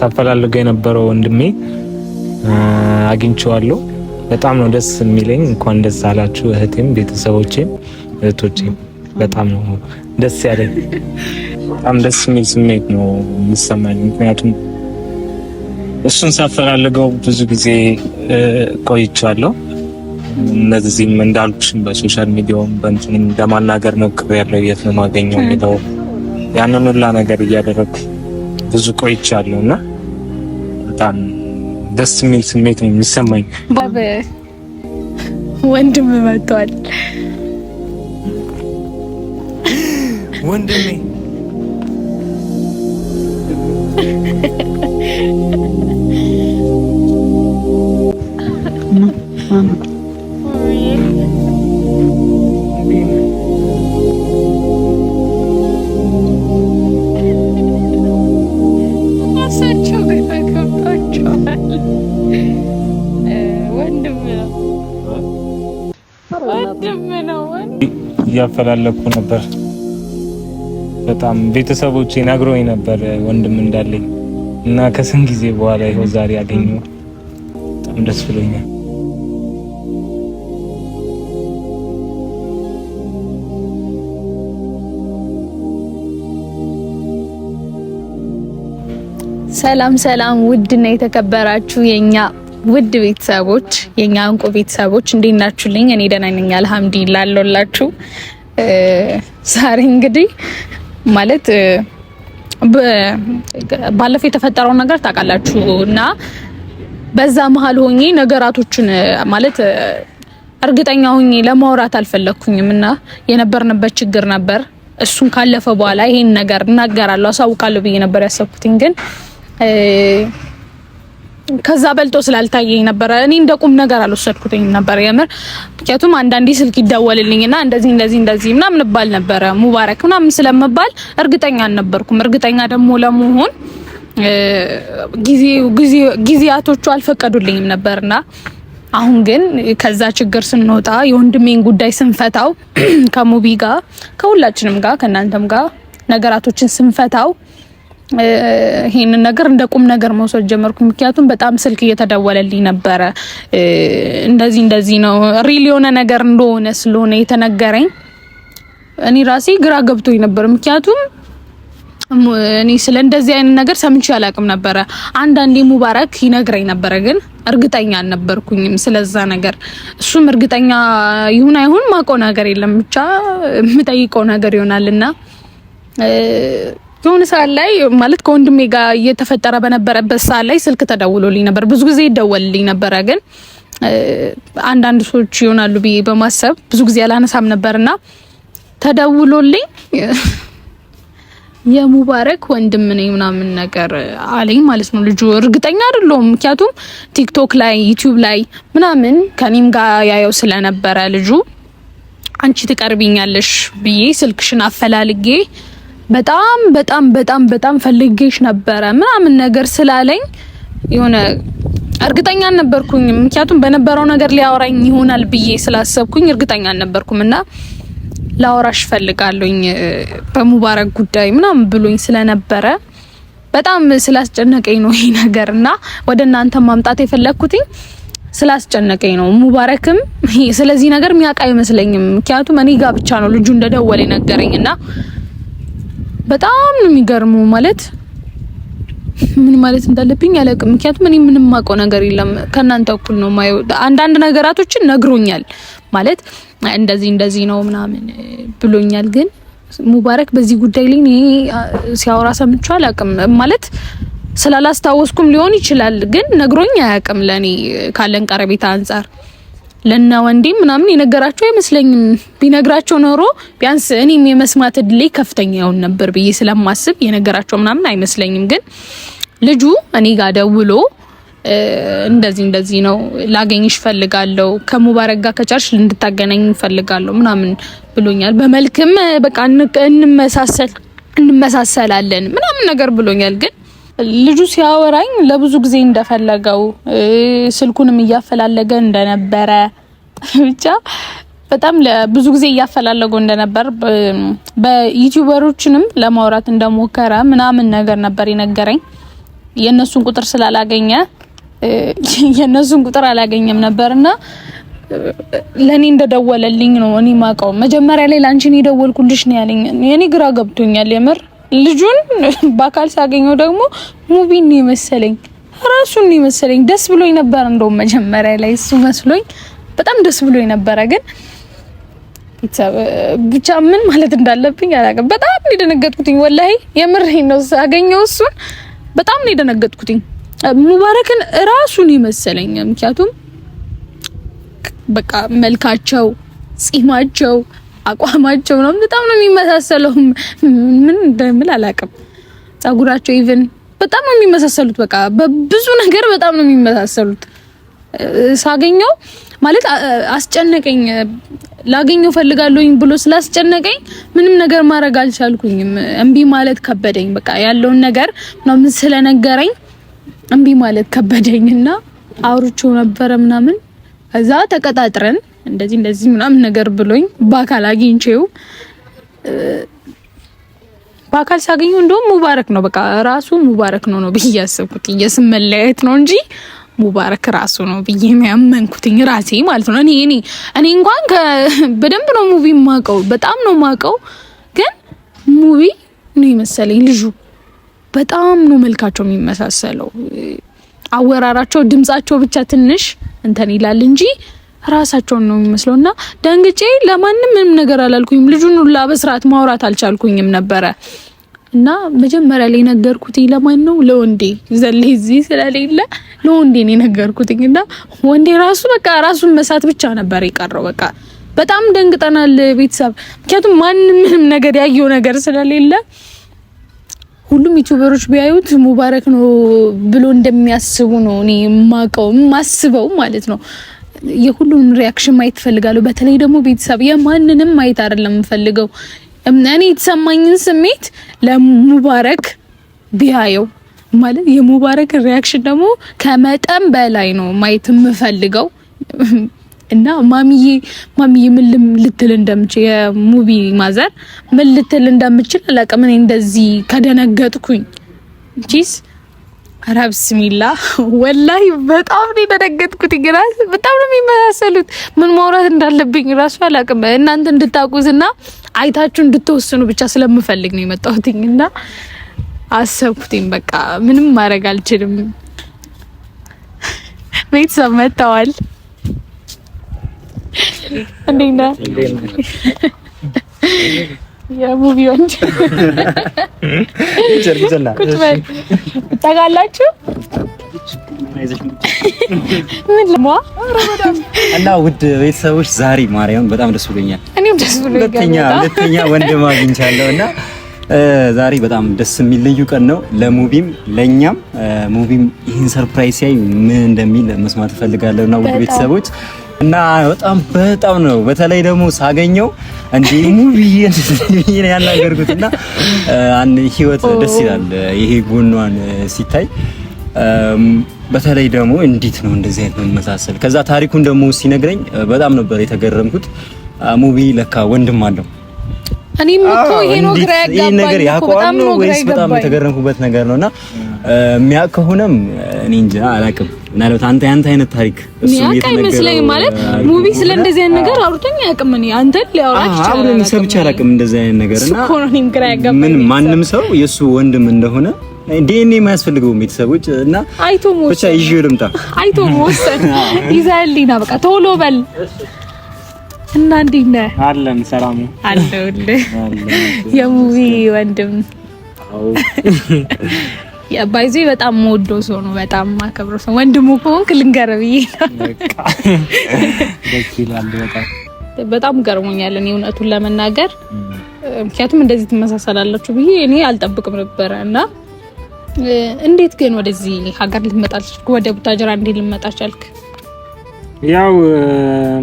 ሳፈላልገው የነበረው ወንድሜ አግኝቼዋለሁ። በጣም ነው ደስ የሚለኝ። እንኳን ደስ አላችሁ እህቴም፣ ቤተሰቦቼም፣ እህቶቼም በጣም ነው ደስ ያለኝ። በጣም ደስ የሚል ስሜት ነው የሚሰማኝ ምክንያቱም እሱን ሳፈላልገው ብዙ ጊዜ ቆይቸዋለሁ እነዚህም እንዳልኩሽም በሶሻል ሚዲያውም በእንትንም ለማናገር ሞክሬያለሁ፣ የት ነው ማገኘው የሚለው ያንን ሁላ ነገር እያደረግኩ ብዙ ቆይቻለሁ እና በጣም ደስ የሚል ስሜት ነው የሚሰማኝ። ወንድም መጥቷል። ወንድሜ ማማ እያፈላለኩ ነበር። በጣም ቤተሰቦቼ ነግሮኝ ነበር ወንድም እንዳለኝ እና ከስን ጊዜ በኋላ ይኸው ዛሬ ያገኘው በጣም ደስ ብሎኛል። ሰላም ሰላም! ውድና የተከበራችሁ የኛ ውድ ቤተሰቦች የኛ እንቁ ቤተሰቦች እንዴት ናችሁልኝ? እኔ ደህና ነኝ አልሐምዱሊላህ አለሁላችሁ። ዛሬ እንግዲህ ማለት ባለፈው የተፈጠረውን ነገር ታውቃላችሁ እና በዛ መሀል ሆኜ ነገራቶችን ማለት እርግጠኛ ሆኜ ለማውራት አልፈለግኩኝም እና የነበርንበት ችግር ነበር። እሱን ካለፈ በኋላ ይሄን ነገር እናገራለሁ አሳውቃለሁ ብዬ ነበር ያሰብኩትኝ ግን ከዛ በልጦ ስላልታየኝ ነበረ እኔ እንደ ቁም ነገር አልወሰድኩትኝ ነበረ የምር። ምክንያቱም አንዳንዴ ስልክ ይደወልልኝና እንደዚህ እንደዚህ እንደዚህ ምናምን እባል ነበረ ሙባረክ ምናምን ስለምባል እርግጠኛ አልነበርኩም። እርግጠኛ ደግሞ ለመሆን ጊዜያቶቹ አልፈቀዱልኝም ነበርና አሁን ግን ከዛ ችግር ስንወጣ የወንድሜን ጉዳይ ስንፈታው ከሙቢ ጋር ከሁላችንም ጋር ከእናንተም ጋር ነገራቶችን ስንፈታው ይሄንን ነገር እንደ ቁም ነገር መውሰድ ጀመርኩ። ምክንያቱም በጣም ስልክ እየተደወለልኝ ነበረ። እንደዚህ እንደዚህ ነው ሪል የሆነ ነገር እንደሆነ ስለሆነ የተነገረኝ እኔ ራሴ ግራ ገብቶኝ ነበር። ምክንያቱም እኔ ስለ እንደዚህ አይነት ነገር ሰምቼ አላቅም ነበረ። አንዳንዴ ሙባረክ ይነግረኝ ነበረ፣ ግን እርግጠኛ አልነበርኩኝም ስለዛ ነገር። እሱም እርግጠኛ ይሁን አይሁን ማውቀው ነገር የለም ብቻ የምጠይቀው ነገር ይሆናልና የሆነ ሰዓት ላይ ማለት ከወንድሜ ጋር እየተፈጠረ በነበረበት ሰዓት ላይ ስልክ ተደውሎልኝ ነበር። ብዙ ጊዜ ይደወልልኝ ነበረ፣ ግን አንዳንድ ሰዎች ይሆናሉ ብዬ በማሰብ ብዙ ጊዜ አላነሳም ነበርና ተደውሎልኝ የሙባረክ ወንድም ነኝ ምናምን ነገር አለኝ ማለት ነው። ልጁ እርግጠኛ አይደለሁም፣ ምክንያቱም ቲክቶክ ላይ ዩቲዩብ ላይ ምናምን ከኔም ጋር ያየው ስለነበረ ልጁ አንቺ ትቀርቢኛለሽ ብዬ ስልክሽን አፈላልጌ በጣም በጣም በጣም በጣም ፈልጌሽ ነበረ ምናምን ነገር ስላለኝ የሆነ እርግጠኛ አልነበርኩኝ። ምክንያቱም በነበረው ነገር ሊያወራኝ ይሆናል ብዬ ስላሰብኩኝ እርግጠኛ አልነበርኩም እና ላወራሽ ፈልጋለኝ በሙባረክ ጉዳይ ምናምን ብሎኝ ስለነበረ በጣም ስላስጨነቀኝ ነው ይሄ ነገር እና ወደ እናንተ ማምጣት የፈለግኩትኝ ስላስጨነቀኝ ነው። ሙባረክም ስለዚህ ነገር የሚያውቅ አይመስለኝም። ምክንያቱም እኔ ጋብቻ ብቻ ነው ልጁ እንደደወለ ነገረኝ እና በጣም ነው የሚገርመው። ማለት ምን ማለት እንዳለብኝ አላውቅም። ምክንያቱም እኔ ምንም የማውቀው ነገር የለም። ከእናንተ እኩል ነው ማየው። አንዳንድ ነገራቶችን ነግሮኛል ማለት እንደዚህ እንደዚህ ነው ምናምን ብሎኛል። ግን ሙባረክ በዚህ ጉዳይ ላይ እኔ ሲያወራ ሰምቼው አላውቅም ማለት ስላላስታወስኩም ሊሆን ይችላል። ግን ነግሮኝ አያውቅም ለእኔ ካለን ቀረቤታ አንጻር ለና ወንዴ ምናምን የነገራቸው አይመስለኝም። ቢነግራቸው ኖሮ ቢያንስ እኔም የመስማት እድሌ ከፍተኛ ይሆን ነበር ብዬ ስለማስብ የነገራቸው ምናምን አይመስለኝም። ግን ልጁ እኔ ጋር ደውሎ እንደዚህ እንደዚህ ነው ላገኝሽ ፈልጋለሁ፣ ከሙባረክ ጋር ከቻልሽ እንድታገናኝ ፈልጋለሁ ምናምን ብሎኛል። በመልክም በቃ እንመሳሰል እንመሳሰላለን ምናምን ነገር ብሎኛል ግን ልጁ ሲያወራኝ ለብዙ ጊዜ እንደፈለገው ስልኩንም እያፈላለገ እንደነበረ ብቻ በጣም ብዙ ጊዜ እያፈላለገው እንደነበር በዩቲዩበሮችንም ለማውራት እንደሞከረ ምናምን ነገር ነበር የነገረኝ። የእነሱን ቁጥር ስላላገኘ የእነሱን ቁጥር አላገኘም ነበርና ለእኔ እንደደወለልኝ ነው እኔ ማቀው። መጀመሪያ ላይ ለአንቺን የደወልኩልሽ ነው ያለኝ። እኔ ግራ ገብቶኛል የምር ልጁን በአካል ሲያገኘው ደግሞ ሙቢን ነው የመሰለኝ፣ ራሱን ነው የመሰለኝ። ደስ ብሎኝ ነበር እንደውም መጀመሪያ ላይ እሱ መስሎኝ በጣም ደስ ብሎኝ ነበረ። ግን ብቻ ምን ማለት እንዳለብኝ አላውቅም። በጣም ነው የደነገጥኩትኝ። ወላሂ የምሬን ነው። ሳገኘው እሱን በጣም ነው የደነገጥኩትኝ። ሙባረክን ራሱን ይመስለኝ፣ ምክንያቱም በቃ መልካቸው፣ ጺማቸው አቋማቸው ነው በጣም ነው የሚመሳሰለው። ምን እንደምል አላውቅም። ጸጉራቸው ኢቭን በጣም ነው የሚመሳሰሉት። በቃ በብዙ ነገር በጣም ነው የሚመሳሰሉት። ሳገኘው ማለት አስጨነቀኝ። ላገኘው ፈልጋለሁኝ ብሎ ስላስጨነቀኝ ምንም ነገር ማድረግ አልቻልኩኝም። እምቢ ማለት ከበደኝ። በቃ ያለውን ነገር ምናምን ስለነገረኝ እምቢ ማለት ከበደኝና አውርቼው ነበረ ምናምን እዛ ተቀጣጥረን እንደዚህ እንደዚህ ምናምን ነገር ብሎኝ በአካል አግኝቼው በአካል ሳገኙ እንደውም ሙባረክ ነው በቃ ራሱ ሙባረክ ነው ነው ብዬ ያሰብኩት የስም መለያየት ነው እንጂ ሙባረክ ራሱ ነው ብዬ ያመንኩትኝ ራሴ ማለት ነው። እኔ እኔ እኔ እንኳን በደንብ ነው ሙቪ ማቀው በጣም ነው ማቀው፣ ግን ሙቪ ነው የመሰለኝ ልጁ በጣም ነው መልካቸው የሚመሳሰለው። አወራራቸው ድምጻቸው ብቻ ትንሽ እንትን ይላል እንጂ ራሳቸውን ነው የሚመስለው። እና ደንግጬ ለማንም ምንም ነገር አላልኩኝም። ልጁን ሁላ በስርዓት ማውራት አልቻልኩኝም ነበረ እና መጀመሪያ ላይ ነገርኩት ለማን ነው? ለወንዴ ዘለ እዚህ ስለሌለ ለወንዴ ነው ነገርኩት። እና ወንዴ ራሱ በቃ ራሱን መሳት ብቻ ነበር የቀረው። በቃ በጣም ደንግጠናል ቤተሰብ፣ ምክንያቱም ማንም ምንም ነገር ያየው ነገር ስለሌለ ሁሉም ዩቲዩበሮች ቢያዩት ሙባረክ ነው ብሎ እንደሚያስቡ ነው እኔ የማውቀው የማስበው ማለት ነው። የሁሉንም ሪያክሽን ማየት እፈልጋለሁ በተለይ ደግሞ ቤተሰብ የማንንም ማየት አይደለም የምፈልገው። እኔ የተሰማኝን ስሜት ለሙባረክ ቢያየው ማለት የሙባረክ ሪያክሽን ደግሞ ከመጠን በላይ ነው ማየት የምፈልገው። እና ማሚዬ ማሚዬ ምን ልትል እንደምችል የሙቢ ማዘር ምን ልትል እንደምችል አላውቅም። እኔ እንደዚህ ከደነገጥኩኝ ጂስ አራብ ስሚላ ወላሂ በጣም ነው የደነገጥኩት። ግራስ በጣም ነው የሚመሳሰሉት። ምን ማውራት እንዳለብኝ ራሱ አላውቅም። እናንተ እንድታውቁትና አይታችሁ እንድትወስኑ ብቻ ስለምፈልግ ነው የመጣሁትኝ እና አሰብኩትኝ። በቃ ምንም ማድረግ አልችልም። ቤተሰብ መጥተዋል። እንዴት ነህ? የሙቪ ወንድ ቁጭ በል ትጠጋላችሁ እና ውድ ቤተሰቦች ዛሬ ማርያም በጣም ደስ ብሎኛል። እኔም ደስ ብሎኛል። ሁለተኛ ሁለተኛ ወንድም አግኝቻለሁ እና ዛሬ በጣም ደስ የሚል ልዩ ቀን ነው ለሙቪም ለኛም። ሙቪም ይህን ሰርፕራይዝ ሲያይ ምን እንደሚል መስማት እፈልጋለሁ እና ውድ ቤተሰቦች እና በጣም በጣም ነው። በተለይ ደግሞ ሳገኘው እንዴ ሙቪዬ ያናገርኩት እና አን ህይወት ደስ ይላል ይሄ ጎኗን ሲታይ በተለይ ደግሞ እንዴት ነው እንደዚህ አይነት መመሳሰል። ከዛ ታሪኩን ደግሞ ሲነግረኝ በጣም ነበር የተገረምኩት። ሙቪ ለካ ወንድም አለው። እኔም እኮ ይሄ ነው ግራ ያጋባኝ። ነው ወይስ በጣም የተገረምኩበት ነገር ነውና የሚያውቅ ከሆነም እኔ እንጃ አላውቅም። ምናልባት አንተ ያንተ አይነት ታሪክ የሚያውቅ አይመስለኝም። ማለት ሙቪ ስለ እንደዚህ አይነት ነገር አውርቶኝ አያውቅም። እኔ አንተ ሊያወራች ይችላል አውርቶኝ ሰምቼ አላውቅም እንደዚህ አይነት ነገር እና ምን ማንም ሰው የእሱ ወንድም እንደሆነ ዲኤንኤ የማያስፈልገው ቤተሰቦች እና አይቶ ሞስ ብቻ ይዤ ልምጣ። አይቶ ሞስ ይዘህልኝ በቃ ቶሎ በል እና እንዴት ነህ? አለን ሰላም አለሁልህ የሙቪ ወንድም ባይዜ በጣም ወዶ ሰው ነው። በጣም ማከብረው ሰው ወንድሙ ከሆንክ ልንገርህ ብዬ በጣም ገርሞኛል። እኔ እውነቱን ለመናገር ምክንያቱም እንደዚህ ትመሳሰላላችሁ ብዬ እኔ አልጠብቅም ነበረ እና እንዴት ግን ወደዚህ ሀገር ልትመጣ ቻልክ? ወደ ቡታጅራ እንዴ ልትመጣ ቻልክ? ያው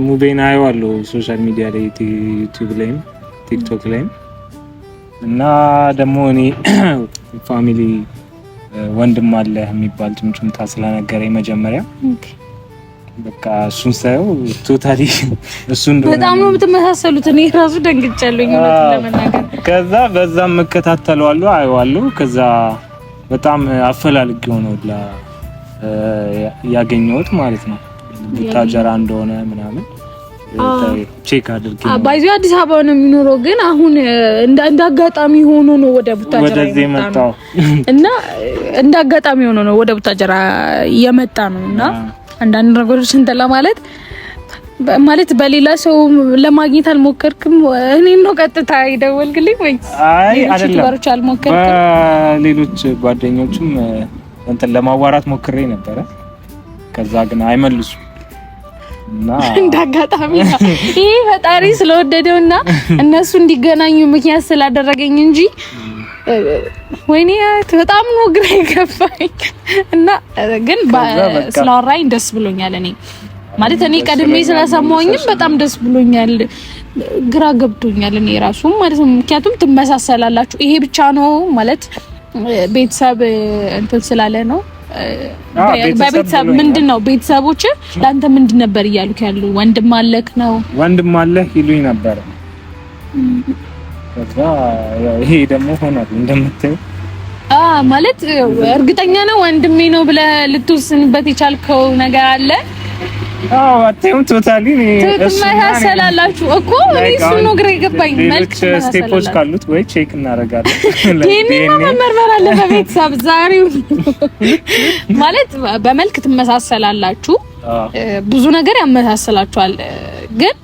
ሙቤን አየዋለሁ ሶሻል ሚዲያ ላይ ዩቲዩብ ላይም ቲክቶክ ላይም እና ደግሞ እኔ ፋሚሊ ወንድም አለ የሚባል ጭምጭምታ ስለነገረኝ መጀመሪያ በቃ እሱን ሳየው ቶታሊ እሱን በጣም ነው የምትመሳሰሉት። እኔ ራሱ ደንግጫለሁ ለመናገር። ከዛ በዛም እከታተለዋለሁ፣ አየዋለሁ። ከዛ በጣም አፈላልግ የሆነው ብላ ያገኘሁት ማለት ነው ቡታጀራ እንደሆነ ምናምን ቼክ አድርጌ ባይዞ አዲስ አበባ ነው የሚኖረው፣ ግን አሁን እንደ አጋጣሚ ሆኖ ነው ወደ ቡታጀራ የመጣው እና እንዳጋጣሚ ሆኖ ነው ወደ ቡታጀራ የመጣ ነው እና አንዳንድ ነገሮች እንትን ለማለት ማለት በሌላ ሰው ለማግኘት አልሞከርክም? እኔ ነው ቀጥታ ይደወልክልኝ ወይ? አይ አይደለም፣ አልሞከርክም። ሌሎች ጓደኞችም እንትን ለማዋራት ሞክሬ ነበረ፣ ከዛ ግን አይመልሱም። እንዳጋጣሚ ነው ይህ ፈጣሪ ስለወደደውና እነሱ እንዲገናኙ ምክንያት ስላደረገኝ እንጂ ወይኔ በጣም ነው ግራ የገባኝ እና ግን ስላወራኝ ደስ ብሎኛል። እኔ ማለት እኔ ቀድሜ ስለሰማሁኝም በጣም ደስ ብሎኛል። ግራ ገብቶኛል እኔ ራሱ ማለት ምክንያቱም ትመሳሰላላችሁ። ይሄ ብቻ ነው ማለት ቤተሰብ እንትን ስላለ ነው በቤተሰብ ምንድን ነው ቤተሰቦች ለአንተ ምንድን ነበር እያሉክ ያሉ? ወንድም አለክ ነው ወንድም አለህ ይሉኝ ነበር። ይሄ ደግሞ ሆኗል እንደምታየው። ማለት እርግጠኛ ነው ወንድሜ ነው ብለህ ልትወስንበት የቻልከው ነገር አለ። አዎ አትይም። ቶታሊ ትመሳሰላላችሁ እኮ እኔ እሱን ነው ግራ የገባኝ። መልክ ስቴፖች ካሉት ወይ ቼክ እናደርጋለን። ይሄንን መመርመር አለ በቤተሰብ ዛሬው ማለት በመልክ ትመሳሰላላችሁ፣ ብዙ ነገር ያመሳሰላችኋል። ግን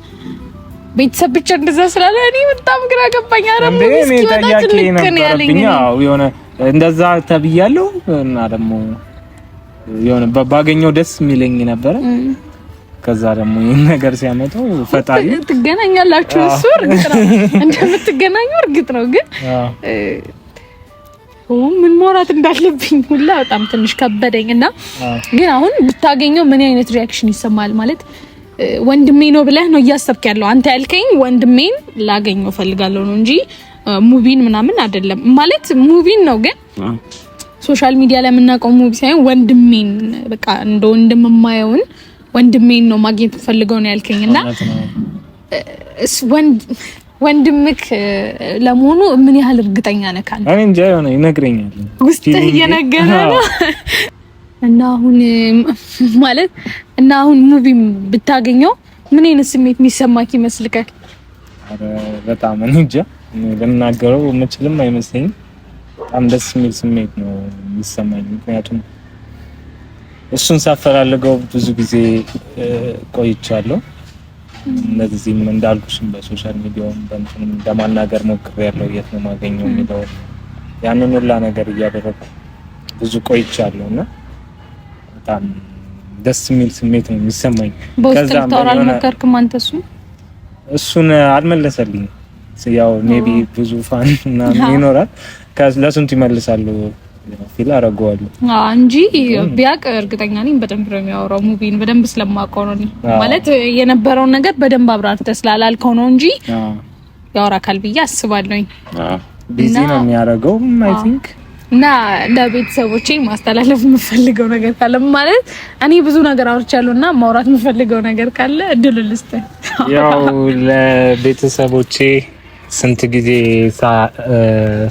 ቤተሰብ ብቻ እንደዛ ስላለ እኔ በጣም ግራ ገባኝ። አረሙ ስኪወታችን ልክን ያለኝ አዎ፣ የሆነ እንደዛ ተብያለሁ እና ደግሞ የሆነ ባገኘው ደስ የሚለኝ ነበረ ከዛ ደግሞ ይህን ነገር ሲያመጡ ፈጣሪ ትገናኛላችሁ። እሱ እርግጥ እንደምትገናኙ እርግጥ ነው። ግን ምን ማውራት እንዳለብኝ ሁላ በጣም ትንሽ ከበደኝ እና ግን አሁን ብታገኘው ምን አይነት ሪያክሽን ይሰማል? ማለት ወንድሜ ነው ብለህ ነው እያሰብክ ያለው? አንተ ያልከኝ ወንድሜን ላገኘው ፈልጋለሁ ነው እንጂ ሙቪን ምናምን አይደለም። ማለት ሙቪን ነው ግን ሶሻል ሚዲያ ላይ የምናውቀው ሙቪ ሳይሆን ወንድሜን በቃ እንደ ወንድም የማየውን ወንድሜን ነው ማግኘት ፈልገው ነው ያልከኝ እና ወንድምክ ለመሆኑ ምን ያህል እርግጠኛ ነህ? ካለ እኔ እንጃ የሆነ ይነግረኛል፣ ውስጥህ እየነገረ ነው። እና አሁን ማለት እና አሁን ሙቪ ብታገኘው ምን አይነት ስሜት የሚሰማክ ይመስልካል? አረ በጣም እኔ እንጃ ልናገረው የምችልም አይመስለኝም። በጣም ደስ የሚል ስሜት ነው የሚሰማኝ ምክንያቱም እሱን ሳፈላልገው ብዙ ጊዜ ቆይቻለሁ። እነዚህም እንዳልኩሽም በሶሻል ሚዲያውም በእንትንም ለማናገር ሞክሬያለሁ። የት ነው የማገኘው የሚለው ያንን ሁላ ነገር እያደረኩ ብዙ ቆይቻለሁ እና በጣም ደስ የሚል ስሜት ነው የሚሰማኝ። በውስጥ ልታወራ እሱን እሱን አልመለሰልኝም። ያው ሜቢ ብዙ ፋን ምናምን ይኖራል፣ ለስንቱ ይመልሳሉ ፊል አደርገዋለሁ እንጂ ቢያቅ እርግጠኛ ነኝ በደንብ ነው የሚያወራው። ሙቪን በደንብ ስለማውቀው ነው ማለት የነበረውን ነገር በደንብ አብራርተህ ስላላልከው ነው እንጂ ያወራ አካል ብዬ አስባለሁኝ። ቢዚ ነው የሚያደርገው አይ ቲንክ እና ለቤተሰቦቼ ማስተላለፍ የምፈልገው ነገር ካለ ማለት እኔ ብዙ ነገር አውርቻለሁ እና ማውራት የምፈልገው ነገር ካለ እድል ልስጥህ። ያው ለቤተሰቦቼ ስንት ጊዜ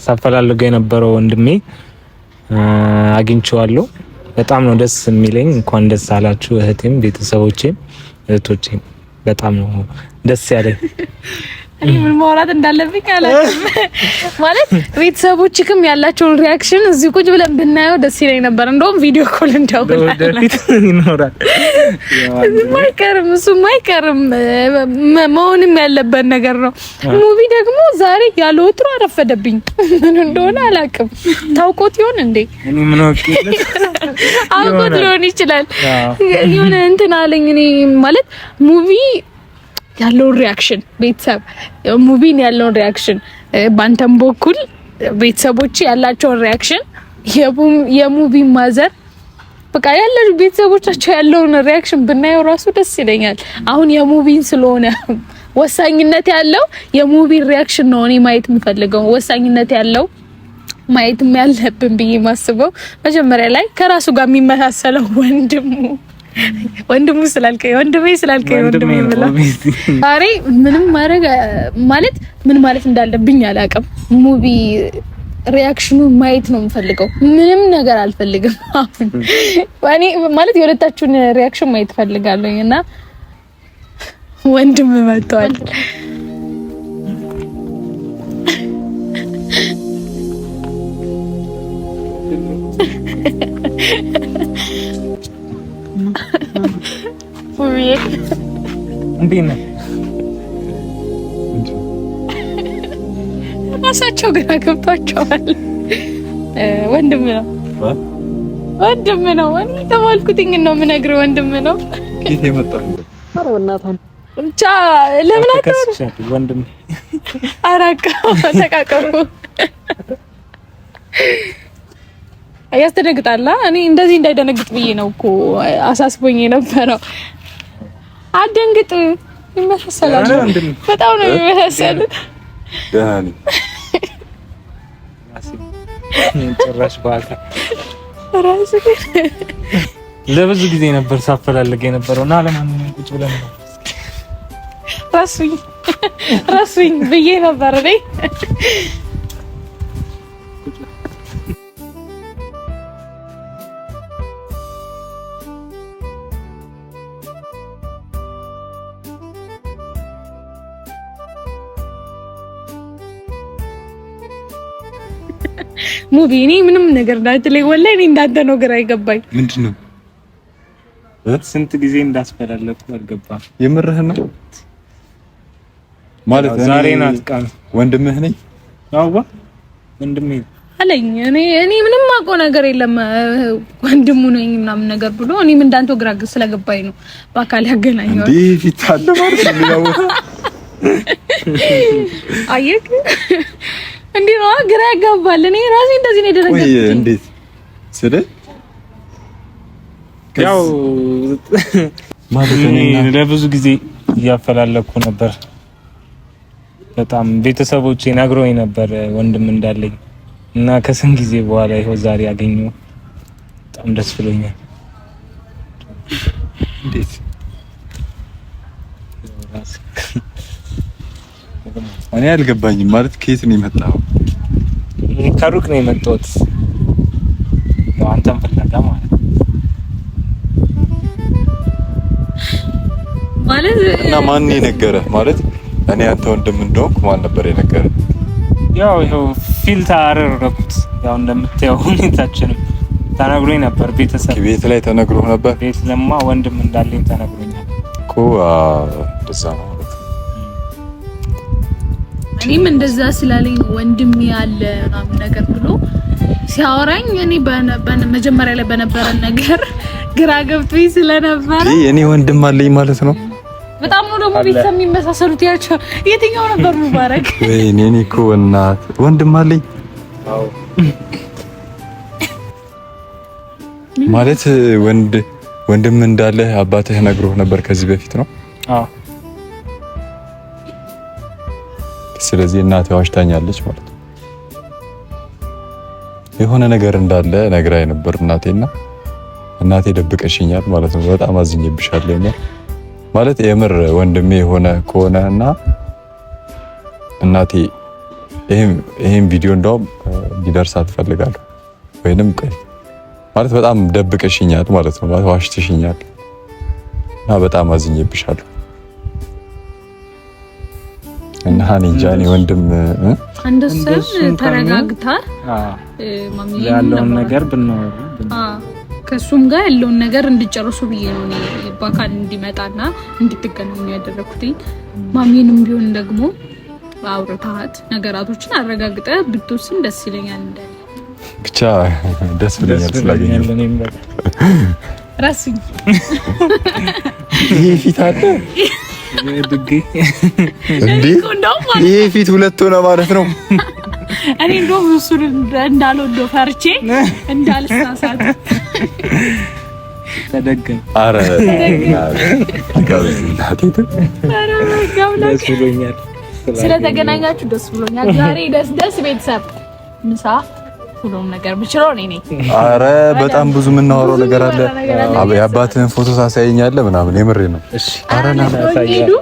ሳፈላልገው የነበረው ወንድሜ አግኝቼዋለሁ። በጣም ነው ደስ የሚለኝ። እንኳን ደስ አላችሁ እህቴም ቤተሰቦቼም እህቶቼም በጣም ነው ደስ ያለኝ። እኔ ምን ማውራት እንዳለብኝ አላውቅም። ማለት ቤተሰቦችክም ያላቸውን ሪያክሽን እዚህ ቁጭ ብለን ብናየው ደስ ይለኝ ነበር። እንደውም ቪዲዮ ኮል እንደውልወደፊት አይቀርም እሱም አይቀርም መሆንም ያለበት ነገር ነው። ሙቪ ደግሞ ዛሬ ያለ ወትሮ አረፈደብኝ። ምን እንደሆነ አላውቅም። ታውቆት ይሆን እንዴ? አውቆት ሊሆን ይችላል። የሆነ እንትን አለኝ እኔ ማለት ሙቪ ያለውን ሪያክሽን ቤተሰብ ሙቪን ያለውን ሪያክሽን ባንተም በኩል ቤተሰቦች ያላቸውን ሪያክሽን የሙቪ ማዘር በቃ ያለ ቤተሰቦቻቸው ያለውን ሪያክሽን ብናየው ራሱ ደስ ይለኛል። አሁን የሙቪን ስለሆነ ወሳኝነት ያለው የሙቪን ሪያክሽን ነው እኔ ማየት የምፈልገው ወሳኝነት ያለው ማየትም ያለብን ብዬ ማስበው መጀመሪያ ላይ ከራሱ ጋር የሚመሳሰለው ወንድሙ ወንድሙ ስላልከኝ ወንድሜ ስላልከኝ ወንድሜ ብላ ዛሬ ምንም ማድረግ ማለት ምን ማለት እንዳለብኝ አላውቅም። ሙቪ ሪያክሽኑ ማየት ነው የምፈልገው። ምንም ነገር አልፈልግም። እኔ ማለት የሁለታችሁን ሪያክሽን ማየት ፈልጋለሁ እና ወንድም መጥቷል። ውብዬ እንዴት ነህ? ራሳቸው ግራ ገብቷቸዋል። ወንድም ነው ወንድም ነው። እኔ የተባልኩትኝ ነው የምነግርህ። ወንድም ነው። በእናትህ ብቻ ለምን ወንድም አራቃ ተቃቀፉ ያስደነግጣላ። እኔ እንደዚህ እንዳይደነግጥ ብዬ ነው እኮ አሳስቦኝ የነበረው። አደንግጥ ይመሳሰላል። በጣም ነው የሚመሳሰሉ። ደህና ነኝ። ጭራሽ ለብዙ ጊዜ ነበር ሳፈላልግ የነበረው እና ለማንኛውም ቁጭ ብለን ረሱኝ ረሱኝ ብዬ ነበር እኔ ሙቪ እኔ ምንም ነገር ዳት ላይ ወላሂ እኔ እንዳንተ ነው ግራ አይገባኝ። ምንድን ነው ስንት ጊዜ እንዳስፈላለኩ አልገባ። የምርህን ነው ማለት ዛሬ ናት ወንድምህ ነኝ አዋ ወንድሜ አለኝ። እኔ እኔ ምንም አውቀው ነገር የለም ወንድሙ ነኝ ምናምን ነገር ብሎ እኔም እንዳንተ ግራ ስለገባኝ ነው በአካል ያገናኘው እንዴ ፊት አለ ማለት ነው አየህ እንዴ ነው ግራ ያጋባል። እኔ ራሴ እንደዚህ ነው ደረጃ ወይ እንዴት ስለ ያው ማለት ለብዙ ጊዜ እያፈላለኩ ነበር። በጣም ቤተሰቦች ነግሮኝ ነበር ወንድም እንዳለኝ እና ከስንት ጊዜ በኋላ ይኸው ዛሬ ያገኘው በጣም ደስ ብሎኛል። እንዴት እኔ አልገባኝም። ማለት ከየት ነው የመጣው? ከሩቅ ነው የመጣሁት። ያው አንተም ፍለጋ ማለት ማለት እና ማን የነገረ ማለት እኔ አንተ ወንድም እንደሆንኩ ማን ነበር የነገረ? ያው ይሄው ፊልተር አረረኩት። ያው እንደምታየው ሁኔታችንም ተነግሮኝ ነበር። ቤተሰብ ቤት ላይ ተነግሮ ነበር። ቤት ለማ ወንድም እንዳለኝ ተነግሮኛል እኮ ደዛ ነው እኔም እንደዛ ስላለኝ ወንድም ያለ ምናምን ነገር ብሎ ሲያወራኝ እኔ መጀመሪያ ላይ በነበረ ነገር ግራ ገብቶኝ ስለነበረ እኔ ወንድም አለኝ ማለት ነው። በጣም ነው ደግሞ ቤተሰብ የሚመሳሰሉት ያቸው የትኛው ነበር ሙባረክ? ወይኔ እኔ እኮ እናት ወንድም አለኝ ማለት ወንድ ወንድም እንዳለህ አባትህ ነግሮህ ነበር ከዚህ በፊት ነው? አዎ ስለዚህ እናቴ ዋሽታኛለች ማለት ነው። የሆነ ነገር እንዳለ ነግራኝ ነበር እናቴና እናቴ ደብቀሽኛል ማለት ነው። በጣም አዝኜብሻለሁ ማለት የምር ወንድሜ የሆነ ከሆነ እና እናቴ ይህም ቪዲዮ እንደውም እንዲደርሳት እፈልጋለሁ ወይንም ማለት በጣም ደብቀሽኛል ማለት ነው፣ ዋሽትሽኛል እና በጣም አዝኝብሻለሁ። እና ሀኒጃ እኔ ወንድም እንደሱም ተረጋግታል ያለውን ነገር ብናወሩ ከእሱም ጋር ያለውን ነገር እንድጨርሱ ብዬ ነው እኔ በአካል እንዲመጣና እንድትገናኙ ያደረኩትኝ። ማሚንም ቢሆን ደግሞ አውርታት ነገራቶችን አረጋግጠ ብትወስን ደስ ይለኛል። እንደ ብቻ ደስ ብለኛል ስላገኘሁ ራስኝ ይሄ ፊት አለ ይሄ ፊት ሁለት ሆነ ማለት ነው። እኔ እንደውም እሱን እንዳልወደው ፈርቼ እንዳልሳሳት ተደገም አረ ስለተገናኛችሁ ደስ ብሎኛል። ዛሬ ደስ ደስ ቤተሰብ ምሳ ሁሉም ነገር ብችለው አረ በጣም ብዙ የምናወራው ነገር አለ። የአባትህን ፎቶ ታሳየኛለህ ምናምን የምሬ ነው። እሺ አረ ና